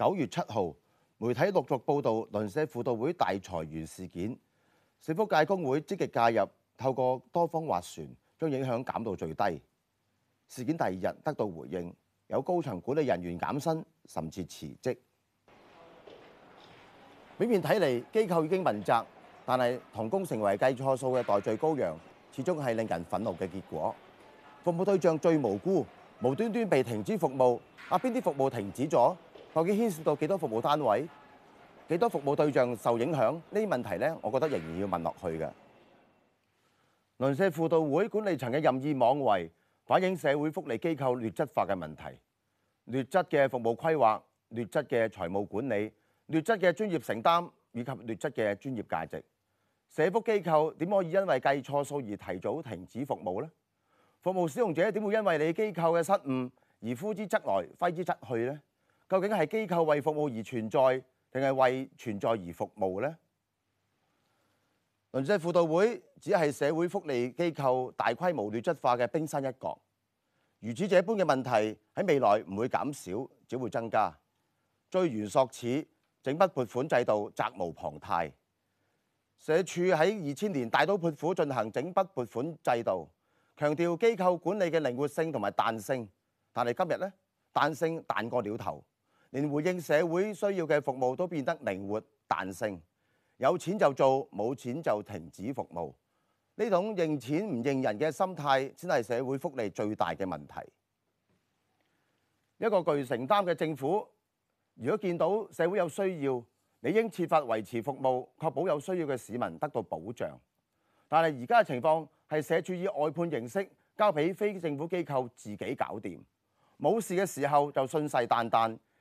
九月七號，媒體陸續報導鄰舍輔導會大裁員事件。社福界工會積極介入，透過多方斡旋，將影響減到最低。事件第二日得到回應，有高層管理人員減薪甚至辭職。表面睇嚟機構已經問責，但係同工成為計錯數嘅代罪羔羊，始終係令人憤怒嘅結果。服務對象最無辜，無端端被停止服務。啊，邊啲服務停止咗？究竟牽涉到幾多服務單位、幾多服務對象受影響？呢啲問題呢，我覺得仍然要問落去嘅。鄰舍輔導會管理層嘅任意妄為，反映社會福利機構劣質化嘅問題。劣質嘅服務規劃、劣質嘅財務管理、劣質嘅專業承擔以及劣質嘅專業價值。社福機構點可以因為計錯數而提早停止服務呢？服務使用者點會因為你機構嘅失誤而呼之則來揮之則去呢？究竟係機構為服務而存在，定係為存在而服務咧？鄰舍輔導會只係社會福利機構大規模劣質化嘅冰山一角。如此這般嘅問題喺未來唔會減少，只會增加。追源溯始，整筆撥款制度責無旁貸。社署喺二千年大刀闊斧進行整筆撥款制度，強調機構管理嘅靈活性同埋彈性，但係今日咧，彈性彈過了頭。連回應社會需要嘅服務都變得靈活彈性，有錢就做，冇錢就停止服務。呢種認錢唔認人嘅心態，先係社會福利最大嘅問題。一個具承擔嘅政府，如果見到社會有需要，理應設法維持服務，確保有需要嘅市民得到保障。但係而家嘅情況係社署以外判形式交俾非政府機構自己搞掂，冇事嘅時候就信誓旦旦。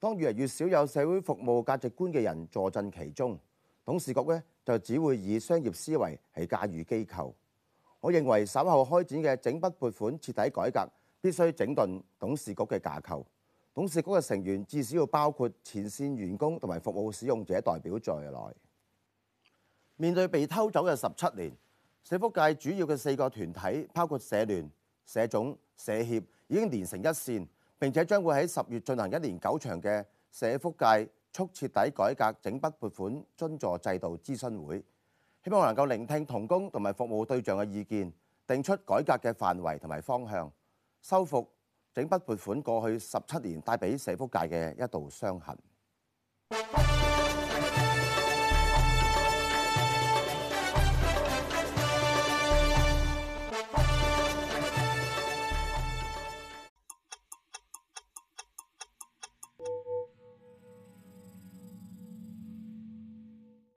當越嚟越少有社會服務價值觀嘅人坐鎮其中，董事局呢就只會以商業思維係駕馭機構。我認為稍後開展嘅整筆撥款徹底改革，必須整頓董事局嘅架構。董事局嘅成員至少要包括前線員工同埋服務使用者代表在內。面對被偷走嘅十七年，社福界主要嘅四個團體，包括社聯、社總、社協，已經連成一線。並且將會喺十月進行一連九場嘅社福界促徹底改革整筆撥款津助制度諮詢會，希望能夠聆聽同工同埋服務對象嘅意見，定出改革嘅範圍同埋方向，修復整筆撥款過去十七年帶俾社福界嘅一道傷痕。